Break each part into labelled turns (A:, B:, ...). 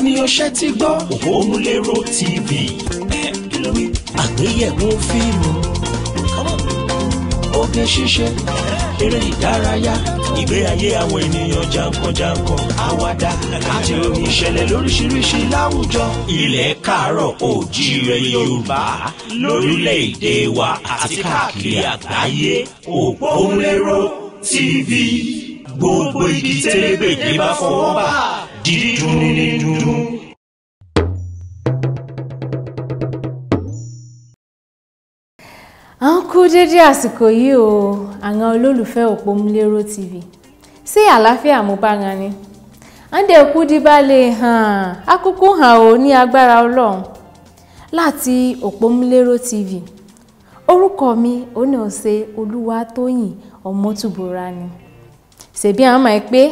A: ẹni ọṣẹ ti gbọ́ Òpómúléró TV àgbéyẹ̀wò fíìmù oge ṣíṣe eré ìdárayá ìgbé ayé àwọn ènìyàn jàǹkànjàǹkàn àwàdà àti omi ìṣẹ̀lẹ̀ lóríṣiríṣi láwùjọ. ilẹ̀ káàárọ̀ oòjíire yorùbá lórílẹ̀‐èdè wa àti káàkiri àgbáyé Òpómúléró TV gbogbo igi tẹ́lẹ̀gbẹ̀gbẹ̀ bá fọwọ́ bá dídùn
B: ní dùn.
C: à ń kú dédé àsìkò yìí o àwọn olólùfẹ́ Òpómúléró TV ṣé àlàáfíà mo bá wọn ni àǹdẹ̀ kú díbàlẹ̀ hàn akókó hàn ó ní agbára Ọlọ́run láti Òpómúléró TV orúkọ mi oníhànṣe Olúwatóyìn Ọmọtúbúra ni ṣèbí àwọn máa pé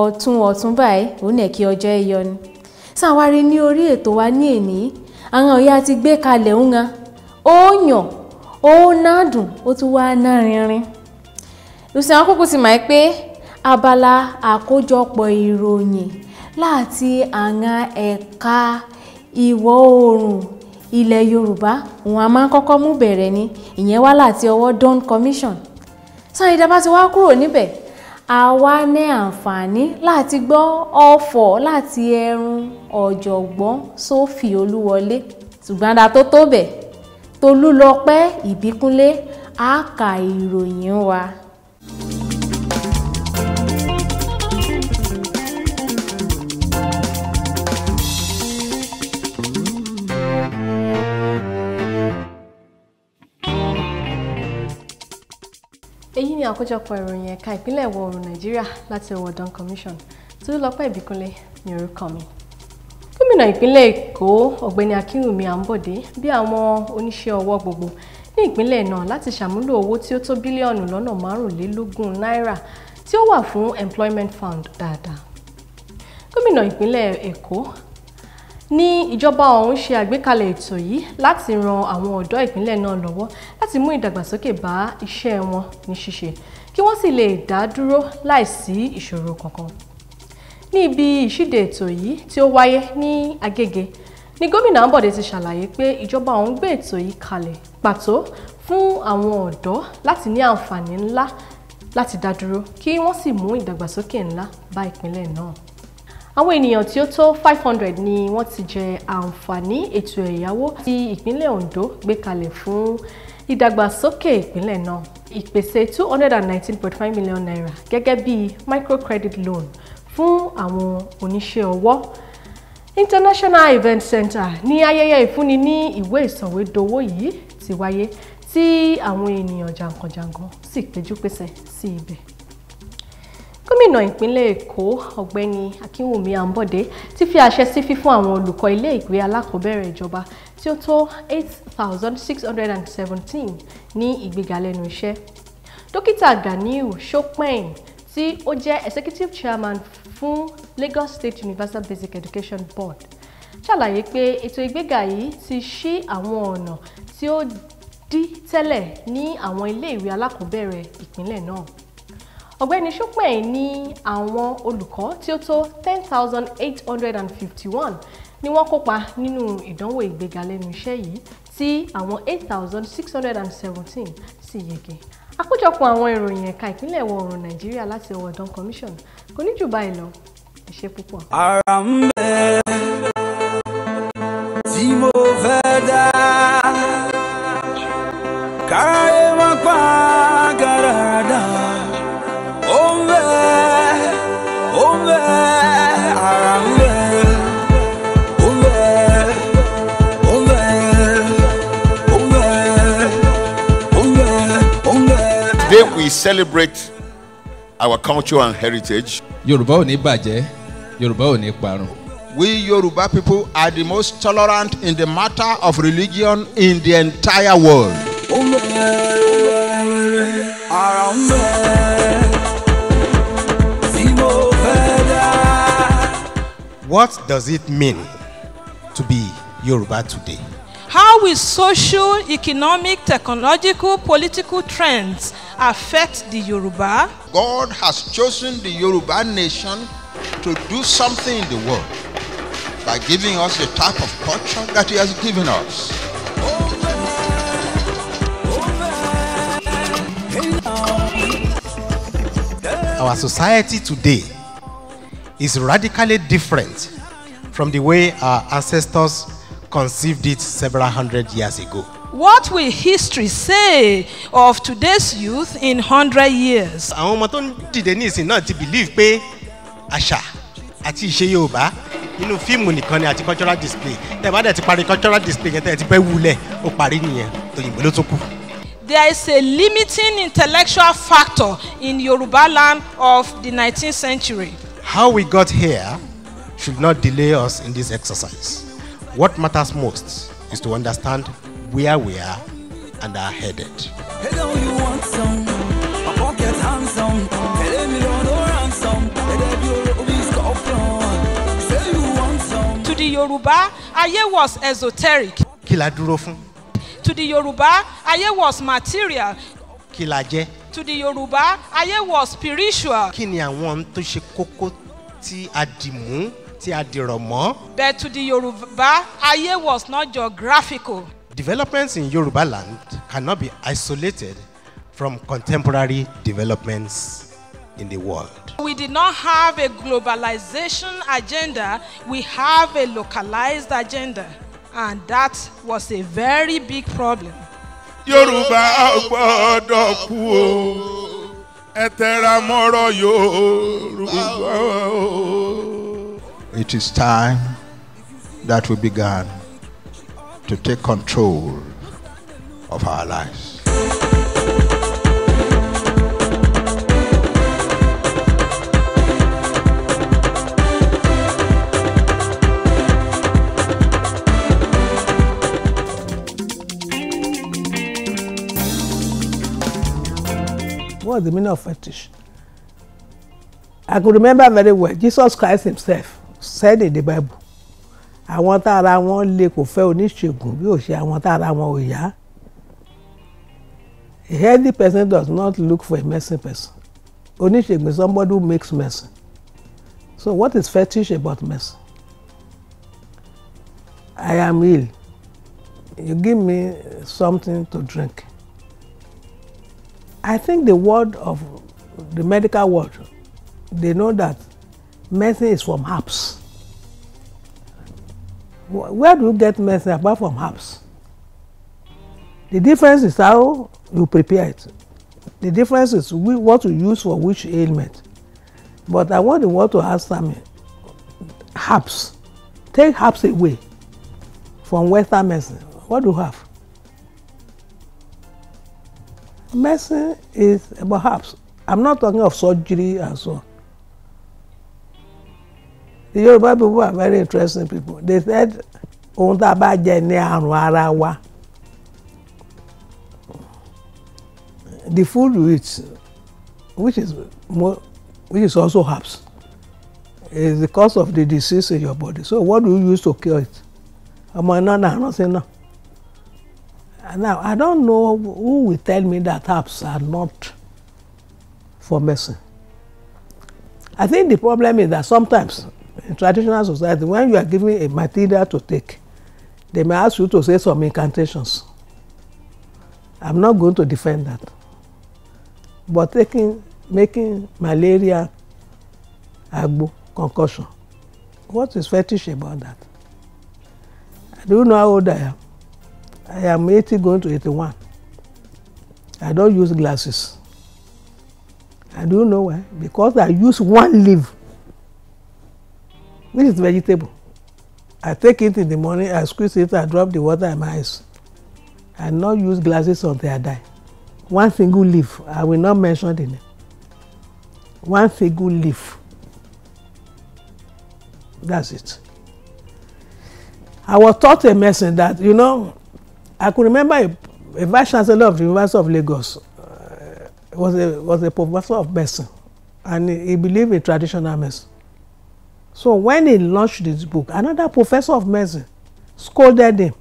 C: ọ̀tún ọ̀tún báyìí òun nẹ̀ kí ọjọ́ ẹyọ ni. sáwárí ní orí ètò wa ní èní àwọn ọ̀yà ti gbé kalẹ̀ ń gan ó yàn ó náà dùn ó tún wá náà rinrin. lùsìn àwọn ti mọ̀ pé abala àkójọpọ̀ ìròyìn láti àwọn ẹ̀ka ìwọ̀ oòrùn ilẹ̀ yorùbá òun a máa ń kọ́kọ́ mú bẹ̀rẹ̀ ni ìyẹn wá láti ọwọ́ Dawn Commission. sáyidá bá ti wá kúrò níbẹ̀ a wá ní àǹfààní láti gbọ́ ọ̀fọ̀ láti ẹrun ọ̀jọ̀gbọ́n Sófì Olúwọlé tùgbàdà tó tó bẹ̀ Tolúlọpẹ́ Ìbíkúnlé a kà ìròyìn wa.
D: àkójọpọ̀ ìròyìn ẹ̀ka ìpínlẹ̀ ìwọ̀ oòrùn nàìjíríà láti ọwọ́ Dawn Commission tí ó lọ́pẹ́ ìbíkúnlé ní orúkọ mi. gómìnà ìpínlẹ̀ èkó ọ̀gbẹ́ni akínwùmí àǹbọ̀dé bí àwọn oníṣẹ́ ọwọ́ gbogbo ní ìpínlẹ̀ náà láti ṣàmúlò owó tí ó tó bílíọ̀nù lọ́nà márùnlélógún náírà tí ó wà fún employment fund dáadáa. gómìnà ìpínlẹ̀ èkó ní ìjọba ọ̀hún ṣe àgbékalẹ̀ ètò yìí láti ran àwọn ọ̀dọ́ ìpínlẹ̀ náà lọ́wọ́ láti mú ìdàgbàsókè bá iṣẹ́ wọn ní ṣíṣe kí wọ́n sì lè dá dúró láìsí ìṣòro kankan. ní ibi ìṣíde ètò yìí tí ó wáyé ní Agége ni gómìnà Ambode ti ṣàlàyé pé ìjọba ọ̀hún gbé ètò yìí kalẹ̀ pàtó fún àwọn ọ̀dọ́ láti ní àǹfààní ńlá láti dá dúró kí wọ́n sì mú ìdàgbàsókè ńlá bá ìpínlẹ̀ náà àwọn ènìyàn tí ó tó five hundred ni wọ́n ti jẹ àǹfààní ètò ẹ̀yáwó tí ìpínlẹ̀ Ondo gbé kalẹ̀ fún ìdàgbàsókè ìpínlẹ̀ náà ìpèsè two hundred and nineteen point five million naira gẹ́gẹ́ bí microcredit loan fún àwọn oníṣẹ́ ọwọ́ International Event Center ní ayẹyẹ ìfúnni ní ìwé ìsọ̀wédowó yìí ti wáyé tí àwọn ènìyàn jàǹkànjàǹkàn sì péjú pèsè sí ibẹ̀ gómìnà ìpínlẹ̀ èkó ọ̀gbẹ́ni akínwùmí àǹbọ̀dé ti fi àṣẹ sí fífún àwọn olùkọ́ ilé ìwé alákọ̀ọ́bẹ̀rẹ̀ ìjọba tí ó tó eight thousand six hundred and seventeen ní ìgbéga lẹ́nu iṣẹ́ dókítà ganiu chopin tí ó jẹ́ executive chairman fún lagos state universal basic education board ṣàlàyé pé ètò ìgbéga yìí ti ṣí àwọn ọ̀nà tí ó dí tẹ́lẹ̀ ní àwọn ilé ìwé alákọ̀ọ́bẹ̀rẹ̀ ìpínlẹ̀ náà ọ̀gbẹ́ni Chopin ní àwọn olùkọ́ tí ó tó ten thousand eight hundred and fifty one ni wọ́n kópa nínú ìdánwò ìgbéga lẹ́nu iṣẹ́ yìí tí àwọn eight thousand six hundred and seventeen sì yege àkójọpọ̀ àwọn ìròyìn ẹ̀ka ìpínlẹ̀ ìwọ̀ oòrùn Nàìjíríà láti ọwọ́ Don Commission kò ní jù báyìí lọ ẹ ṣé púpọ̀.
B: ara ń bẹ́ẹ̀.
A: celebrate
E: our culture and heritage.
A: Yorùbá ò ní bàjẹ́, Yorùbá ò ní parun. We Yoruba people are the most tolerant in the matter of religion in the entire world. What does it mean to be Yoruba today?
E: How will social, economic, technological, political trends affect the Yoruba. God has chosen the Yoruba nation to do something in the world by giving us the type
A: of culture that He has given us. Our society today is radically different from the way our ancestors conceived it several hundred years ago.
E: What will history say of today's youth in hundred years? Àwọn ọmọ tó ń dìde ní náà ti believe
A: pé àṣà àti ìṣe Yorùbá inú fíìmù nìkan ni àti cultural display tẹ́ bá dẹ̀ ti parí cultural display yẹn tẹ́ ti bẹ́ wulẹ̀ ó parí nìyẹn òyìnbó ló tún kù.
E: There is a limiting intellectual factor in Yoruba land of the 19th century.
A: How we got here should not delay us in this exercise. What matters most is to understand where we are and are headed.
E: To the Yoruba, Aye was esoteric. Kí la dúró To the Yoruba, Aye was material. Kí la To the Yoruba, Aye was spiritual. Kí ni àwọn tó ṣe kókó tí a dì But to the Yoruba, ayé was not geographical.
A: developments in Yoruba land cannot be isolated from contemporary developments in the world.
E: We did not have a globalization agenda, we have a localized agenda. And that was a very big problem. yoruba ẹ tẹra mọ́rọ̀ Yorùbá
C: o.
A: It is time that we began to take control of our lives.
F: What's the meaning of fetish? I could remember very well, Jesus Christ himself said in the Bible, àwọn tára wọn le kò fẹ́ oníṣègùn bí ò ṣe àwọn tára wọn ò yá a healthy person does not look for a medicine person oníṣègùn is somebody who makes medicine so what is fetish about medicine I am ill you give me something to drink I think the word of the medical world they know that medicine is from herbs where do you get medicine apart from herbs? The difference is how you prepare it. The difference is what you use for which ailment. But I want the world to ask them herbs. Take herbs away from Western medicine. What do you have? Medicine is about herbs. I'm not talking of surgery and so on the Yoruba people are very interesting people they said ohun tá a bá jẹ ní àrùn ara wa the food we eat which is more which is also herbs is the cause of the disease in your body so what do you use to cure it ọmọ iná náà rántí náà now i don't know who will tell me that herbs are not for medicine i think the problem is that sometimes in traditional society when you are given a material to take they may ask you to say some incantations i'm not going to defend that but taking making malaria agbo concussion what is fetish about that i don't know how old i am i am eighty going to eighty-one i don't use glasses i don't know why because i use one leaf This is vegetable. I take it in the morning, I squeeze it, I drop the water in my eyes. I not use glasses until I die. One single leaf, I will not mention the name. One single leaf. That's it. I was taught a message that, you know, I could remember a, a vice chancellor of the University of Lagos uh, was a was a professor of medicine, and he, he believed in traditional medicine. So when he launched this book, another professor of medicine scolded him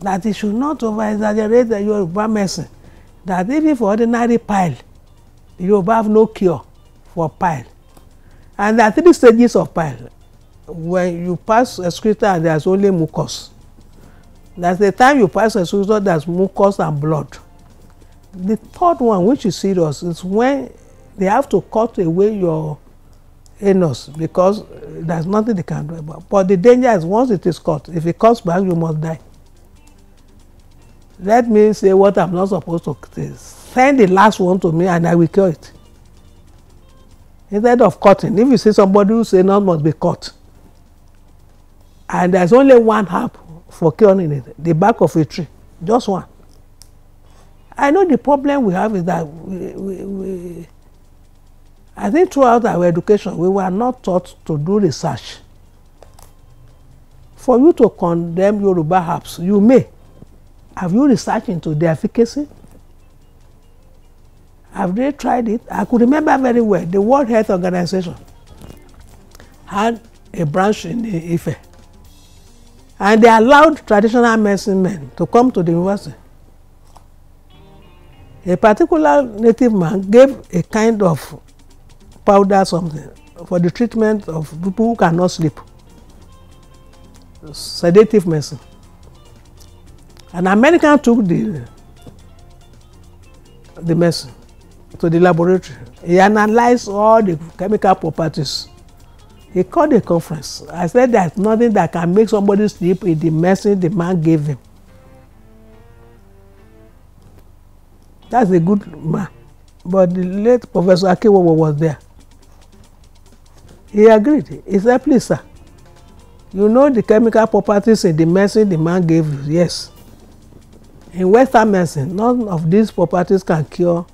F: that he should not over-exaggerate the Yoruba medicine, that even for ordinary pile, the Yoruba have no cure for pile. And there are three stages of pile. When you pass excreta, there's only mucus. That's the time you pass excreta, there's mucus and blood. The third one, which is serious, is when they have to cut away your anus because there's nothing they can do about it. But the danger is once it is caught, if it comes back, you must die. Let me say what I'm not supposed to say. Send the last one to me and I will kill it. Instead of cutting, if you see somebody who say none must be cut, and there's only one harp for killing it, the back of a tree, just one. I know the problem we have is that we, we, we I think throughout our education, we were not taught to do research. For you to condemn Yoruba herbs, you may. Have you researched into their efficacy? Have they tried it? I could remember very well the World Health Organization had a branch in Ife. And they allowed traditional medicine men to come to the university. A particular native man gave a kind of powder something for the treatment of people who cannot sleep. Sedative medicine. An American took the the medicine to the laboratory. He analyzed all the chemical properties. He called a conference. I said there's nothing that can make somebody sleep with the medicine the man gave him. That's a good man. But the late Professor Akewowo was there. He agreed. He said, please, sir, you know the chemical properties in the medicine the man gave you? Yes. In Western medicine, none of these properties can cure,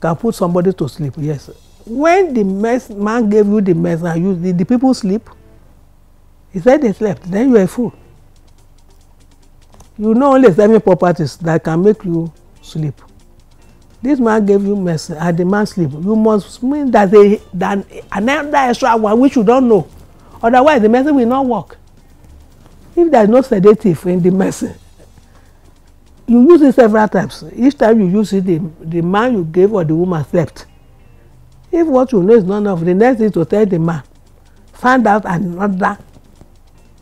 F: can put somebody to sleep. Yes. When the man gave you the medicine, you, did the people sleep? He said they slept. Then you are a fool. You know only seven properties that can make you sleep. this man gave you medicine The man sleep you must mean that they, that another extra one which you don't know otherwise the medicine will not work if there is no sedative in the medicine you use it several times each time you use it the the man you gave or the woman slept if what you know is not enough the next thing to tell the man find out another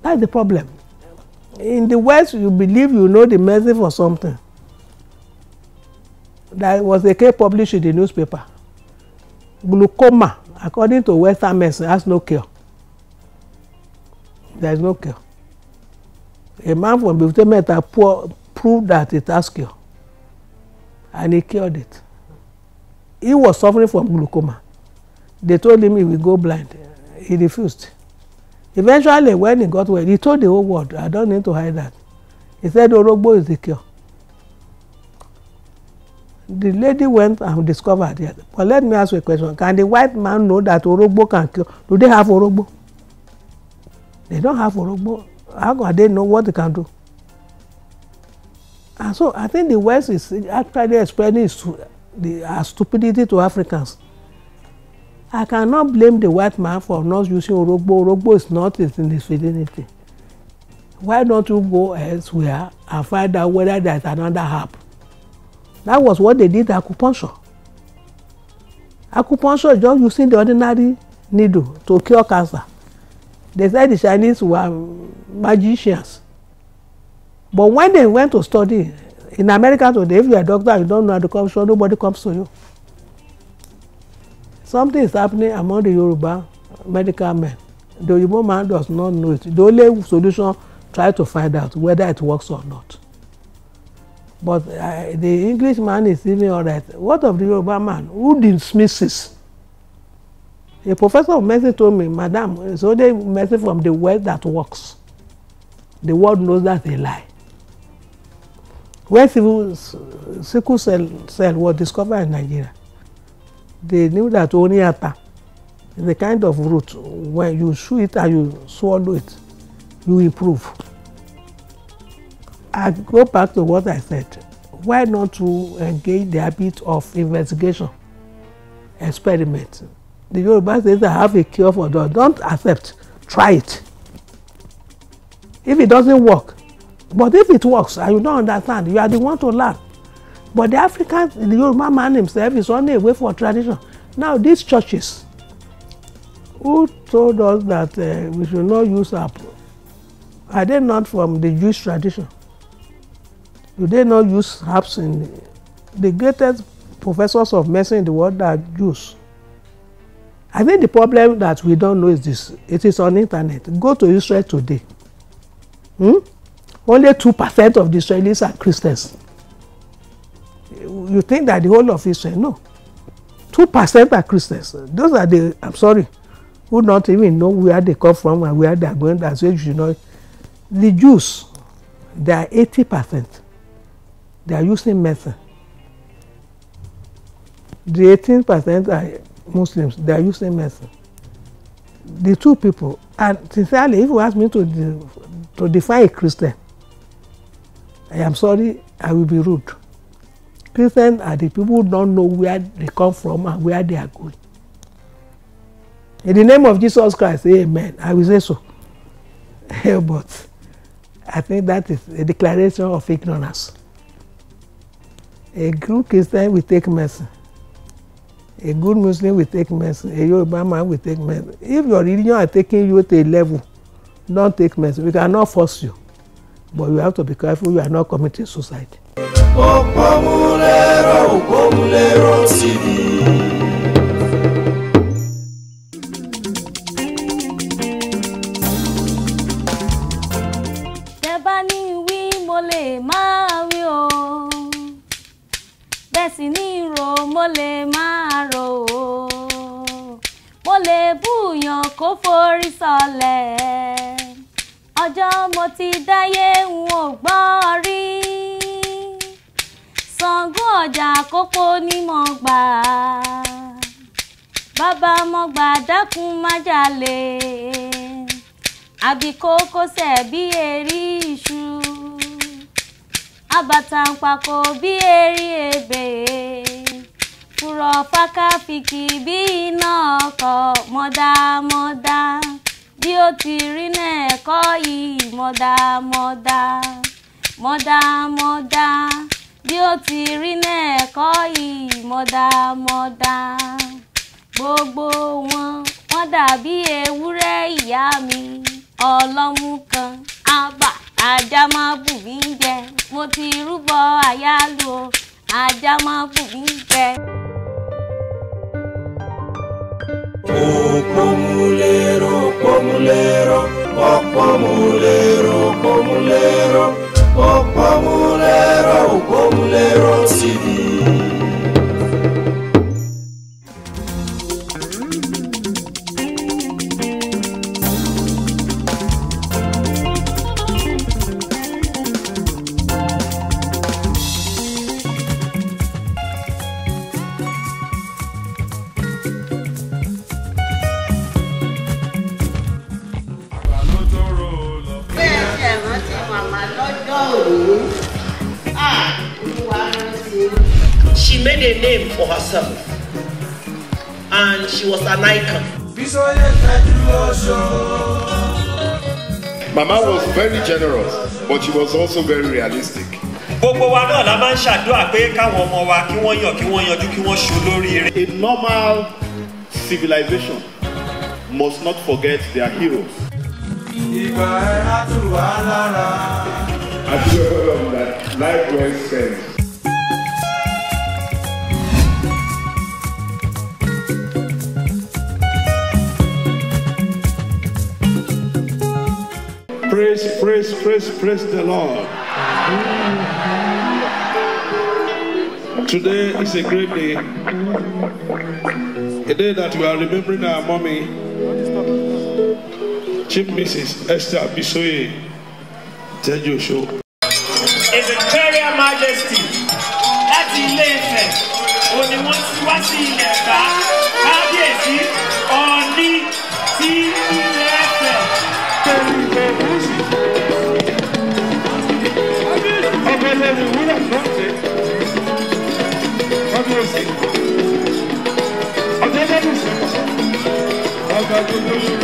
F: that's the problem in the west you believe you know the medicine for something that was a case published in the newspaper. Glaucoma, according to Western medicine, has no cure. There is no cure. A man from Biftemeta proved that it has cure. And he cured it. He was suffering from glaucoma. They told him he will go blind. He refused. Eventually, when he got well, he told the whole world, I don't need to hide that. He said, Orogbo is the cure. the lady went and discovered it but let me ask you a question can the white man know that orogbo can kill? do they have orogbo they don't have orogbo how can they know what they can do and so i think the west is actually spreading its the stupidity to africans i cannot blame the white man for not using orogbo orogbo is not it in his femininity why don't you go elsewhere and find out whether there is another herb That was what they did acupuncture. Acupuncture just using the ordinary needle to cure cancer. They said the Chinese were magicians. But when they went to study, in America today, if you're a doctor you don't know acupuncture, nobody comes to you. Something is happening among the Yoruba medical men. The Yoruba man does not know it. The only solution, try to find out whether it works or not. But uh, the man is even all right. What of the Yoruba man who dismisses? A professor of medicine told me, Madam, it's only medicine from the world that works. The world knows that they lie. When civil, sickle cell, cell was discovered in Nigeria, they knew that Oniata is the kind of root when you chew it and you swallow it, you improve. I go back to what I said. Why not to engage the habit of investigation, experiment? The Yoruba says, I have a cure for dog. Don't accept, try it. If it doesn't work, but if it works and you don't understand, you are the one to learn. But the African, the Yoruba man himself is only a way for tradition. Now, these churches, who told us that uh, we should not use apple, are they not from the Jewish tradition? Do they not use herbs in the, the greatest professors of medicine in the world are Jews? I think the problem that we don't know is this. It is on internet. Go to Israel today. Hmm? Only 2% of the Israelis are Christians. You think that the whole of Israel? No. 2% are Christians. Those are the, I'm sorry, who not even know where they come from and where they are going. That's why you know. The Jews, they are 80%. they are using medicine the eighteen percent are Muslims they are using medicine the two people and sincerely if you ask me to de to define a Christian I am sorry I will be rude Christians are the people who don't know where they come from and where they are going in the name of Jesus Christ amen I will say so but I think that is a declaration of ignorance. A good Christian will take medicine. A good Muslim will take medicine. A Yoruba man will take medicine. If your religion are taking you to a level, don't take medicine. We cannot force you. But you have to be careful you are not committing suicide.
B: Ọ̀pọ̀ mú lérò, òpó mú lérò sí ni. sì ní ro, mo lè máa rò ó mo lè búyàn kó forí sọlẹ̀ ọjọ́ mo ti dáyé n ò gbọ́ rí Ṣàngó ọjà àkókò ni mo gbà bàbá mo gbà dákun má jalè àbí kókó sẹ̀ bí èrí iṣu abatanpako bí erí ebè fúrọ̀ fákáfíkì bí iná ọkọ̀ mọ̀dámọ́dá bí ó ti rí náà ẹ̀kọ́ yìí mọ̀dámọ́dá mọ̀dámọ́dá bí ó ti rí náà ẹ̀kọ́ yìí mọ̀dámọ́dá gbogbo wọn wọ́n dàbí ewúrẹ́ ìyá mi ọlọ́mú kan àbà ajá má bù jẹ mo ti rúbọ àyálò ajá máa kù mí jẹ. òpómúlérò òpómúlérò òpómúlérò
A: òpómúlérò òpómúlérò òpómúlérò sí i.
E: She made a name for herself. And she was an icon. Mama was very generous, but she was also very realistic. Gbogbo A normal civilization
A: must not forget their heroes.
E: Ìgbà ẹ̀rá tù wá lára. Àdúgbò Praise, praise, praise, praise the Lord. Today is a great day. A day that we are remembering our mommy, Chief Mrs. Esther Bisoye Tejo Thank you.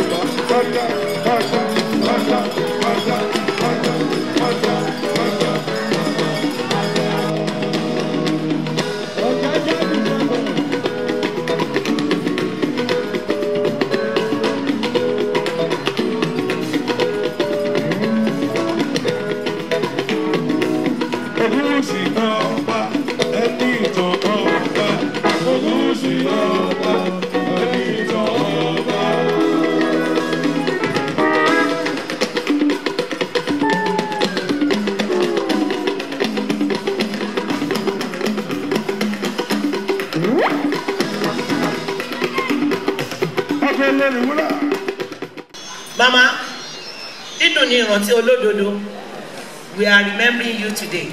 E: ìrántí olódodo we are remembering you today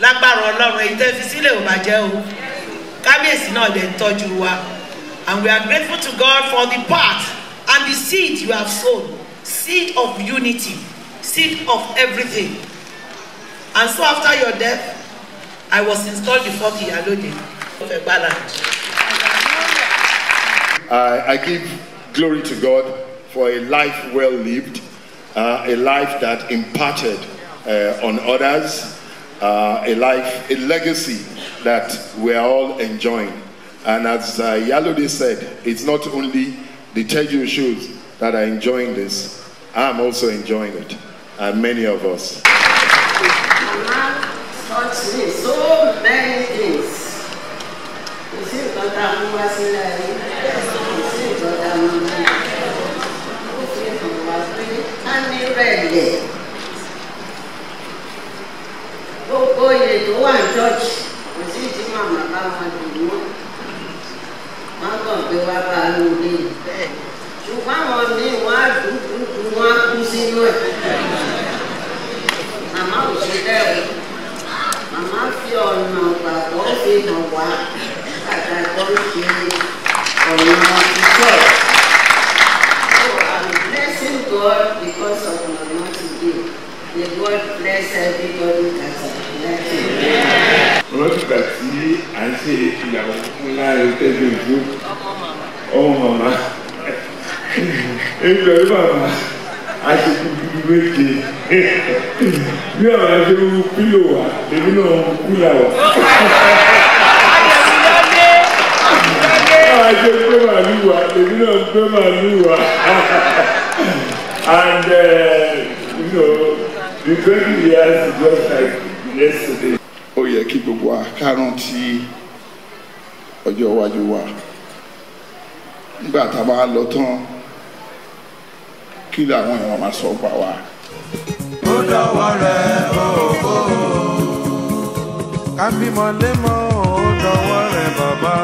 E: lágbára ọlọ́run èyí tẹ́ fi sílẹ̀ ò bàjẹ́ o kábíyèsí náà lè tọ́jú wa and we are grateful to God for the part and the seed you have sown seed of unity seed of everything and so after your death I was installed before the Iyalode of Egbaland. I, I give glory to God for a life well lived, uh, a life that imparted uh, on others, uh, a life, a legacy that we are all enjoying. And as uh, Yalode said, it's not only the Teju shoes that are enjoying this, I'm also enjoying it, and many of us.
C: so many things.
E: èyí ọ̀rẹ́ bàbá àtẹ̀kù dúdú méje bí àwọn àtẹ̀kù pílò wà èmi náà ń kú là
B: wà. àwọn àtẹ̀kù
E: pé màálù wà èmi náà ń pé màálù wà. and uh, you know the twenty years just like yesterday. ó yẹ kí gbogbo àkárùn tí ọjọ́ iwájú wa nígbà tá a bá lọ tán kí làwọn èèyàn máa sọ pa wá.
F: ó dọ̀wọ́ rẹ̀ ooo
B: ká bímọ lémọ́ ó dọ̀wọ́ rẹ̀ bàbá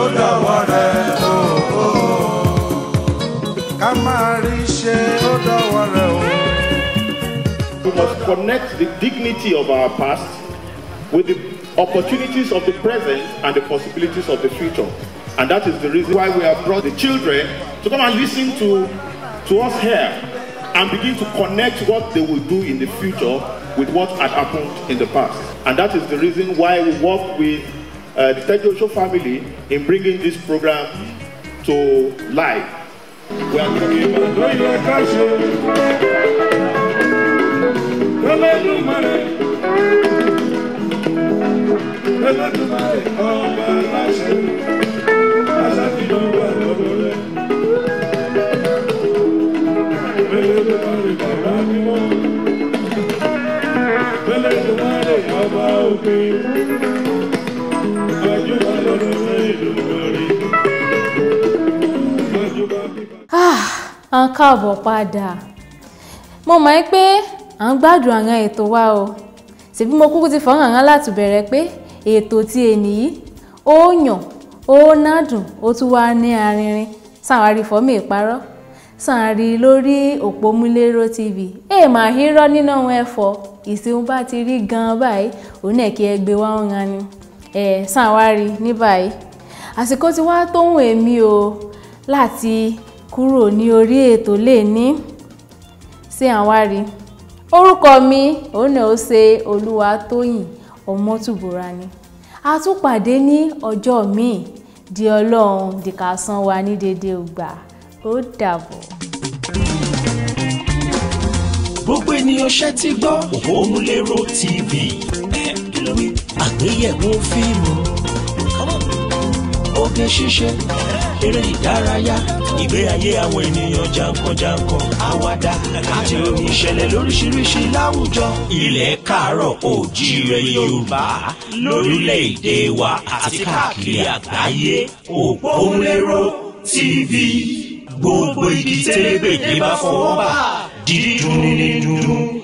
B: ó dọ̀wọ́ rẹ̀ ooo ká máa rí ṣe
A: ó dọ̀wọ́ rẹ̀ ooo. We must connect the dignity of our past with the opportunities of the present and the possibilities of the future. And that is the reason why we have brought the children to come and listen to to us here and begin to connect what they will do in the future with what had happened in the past. And that is the reason why we work with uh, the Tejo family in bringing this program to life. We are talking
E: about
F: òkè. Gbajúmọ̀ lọ́dọ̀ ìlú
C: mọ̀rin. káàbọ̀ padà. Mo mọ̀ ẹ́ pé à ń gbádùn àwọn ètò wa o. Ṣèbí mo kúkú ti fọ́nrán àwọn láti bẹ̀rẹ̀ pé ètò ti ènì yìí ó yàn ó nádùn ó tún wá ní arinrin sáwọn àrífọ́ mi ìparọ́ sànrí lórí òpómúléró tv èèmà hírọ́ nínú àwọn ẹ̀fọ́ ìsìn bá ti rí gan-an báyìí òun náà kí ẹ gbé wá ń ni ẹ sàn wá rí ní báyìí àsìkò tí wàá tóhùn èmi o láti kúrò ní orí ètò lè ní sí àwárí orúkọ mi òun náà ó ṣe Olúwatóyìn Ọmọ́tùbúra ni a tún pàdé ní ọjọ́ míì di ọlọ́run dìkà wa ní déédéé gbà ó dàbọ̀.
A: gbogbo ènìyàn ṣe ti gbọ́ òpómúléró tv àgbéyẹ̀wò fíìmù oge ṣíṣe eré ìdárayá ìgbé ayé àwọn ènìyàn jàǹkànjàǹkàn àwàdà àti orin ìṣẹ̀lẹ̀ lóríṣiríṣi láwùjọ. ilẹ̀ káàárọ̀ oòjíire yorùbá lórílẹ̀‐èdè wa àti káàkiri àgbáyé òpómúléró tv gbogbo igi tẹ́lẹ̀ bèjì bá fọwọ́
B: bà dídùn ní dùn.